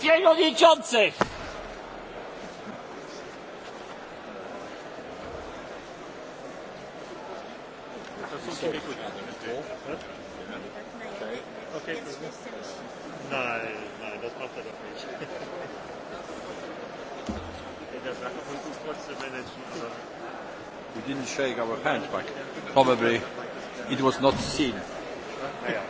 przewodniczących! Nein, nein, das macht er doch nicht. Der Sache versucht es trotzdem managen, aber. We didn't shake our hands, but probably it was not seen. Naja.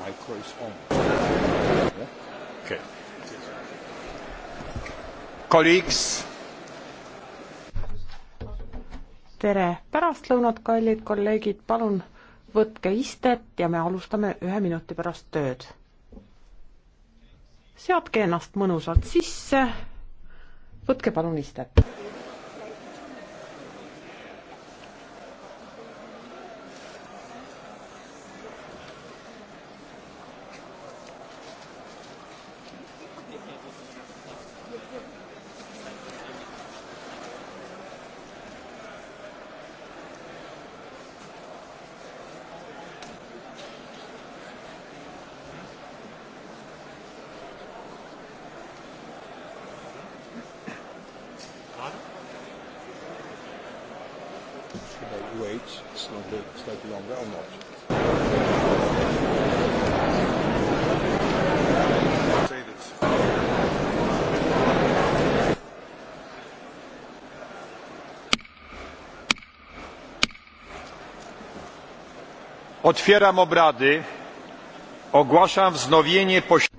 micro is on. Okay. Colleagues. tere pärastlõunat, kallid kolleegid, palun võtke istet ja me alustame ühe minuti pärast tööd. seadke ennast mõnusalt sisse, võtke palun istet Should I wait slightly, slightly longer or not? Say this. Otwieram obrady. Ogłaszam wznowienie posiedzenia.